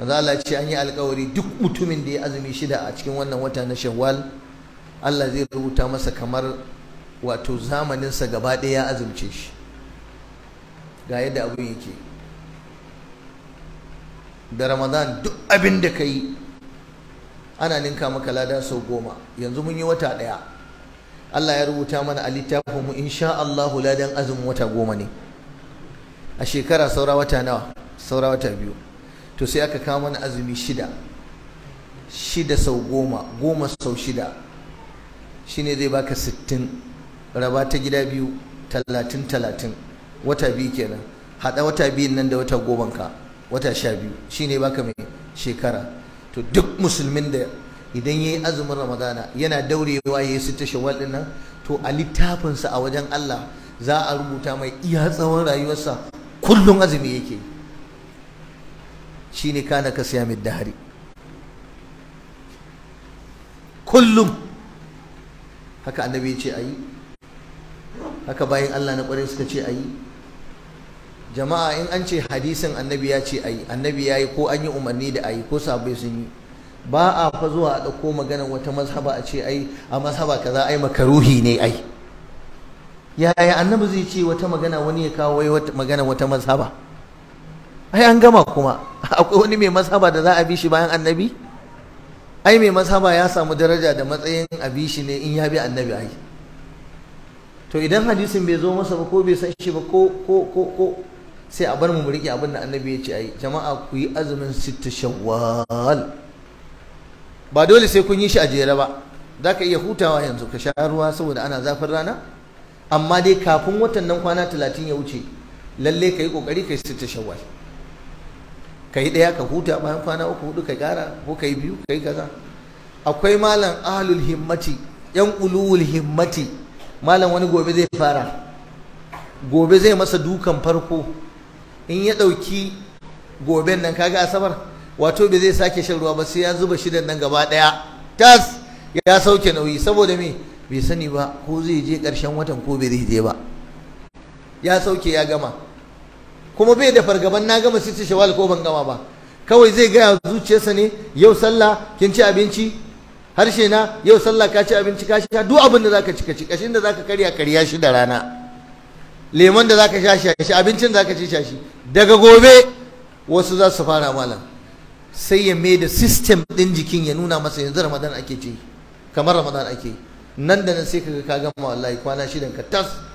mazala ce an yi alkawari duk mutumin da ya azumi shida a cikin wannan wata na shawwal Allah zai rubuta masa kamar wato zamaninsa gaba ɗaya ya azumce shi ga yadda abin yake da ramadan duk abin da ka yi ana ninka maka lada sau goma yanzu mun yi wata ɗaya Allah ya rubuta mana a mu insha Allah ladan azumin wata goma ne a shekara saura wata nawa saura wata biyu to sai aka kawo mana azumi shida shida sau goma goma sau shida shine zai baka sittin raba ta gida biyu talatin talatin wata biyu kenan haɗa wata biyun nan da wata goban ka wata sha biyu shine baka mai shekara to duk musulmin da idan yayi azumin ramadana yana daurewa yayi su shawwal din nan to a littafinsa a wajen Allah za a rubuta mai iya tsawon rayuwarsa kullum azumi yake yi shine kana ka siya min dahari kullum haka annabi ce ayi haka bayan Allah na kwarai suka ce ayi jama'a in an ce hadisin annabi ya ce ayi annabi ya yi ko an yi umarni da ayi ko sabai sun yi ba a fa zuwa a ɗauko maganar wata mazhaba a ce ai a mazhaba kaza ayi makaruhi ne ai yaya annabi zai ce wata magana wani ya kawo wai magana wata mazhaba ai an gama kuma akwai wani mai masaba da za a bi shi bayan annabi ai mai masaba ya samu daraja da matsayin a shi ne in ya bi annabi ai to idan hadisin bai zo masa ba ko bai san shi ba ko ko ko ko sai a bar mu riƙe abin da annabi ya ce ai jama'a ku yi azumin sittu shawwal ba dole sai kun yi shi a jere ba za ka iya hutawa yanzu ka sha ruwa saboda ana zafin rana amma dai kafin watan nan kwana talatin ya wuce lallai ka yi ƙoƙari ka yi sittu shawwal ka yi ɗaya ka huta bayan kwana uku hudu ka gara ko ka yi biyu ka yi gaza akwai malam ahlul himmati yan uluwul himmati malam wani gobe zai fara gobe zai masa dukan farko in ya ɗauki goben nan kaga asabar wato bai zai sake shan ruwa ba sai ya zuba shidan nan gaba ɗaya tas ya sauke nauyi saboda me bai sani ba ko zai je karshen watan ko bai zai je ba ya sauke ya gama kuma bai da fargaban na gama sisi shawal ko ban gama ba kawai zai gaya zuciyarsa ne yau sallah kin ci abinci harshe na yau sallah ka ci abinci ka sha duk abin da zaka ci ka ci kashin da zaka karya karya shi da rana lemon da zaka sha shi abincin da zaka ci sha shi daga gobe wasu za su fara malam sai ya mai da system din jikin ya nuna masa yanzu ramadan ake ci kamar ramadan ake nan da nan sai kaga ka gama wallahi kwana shidan ka tas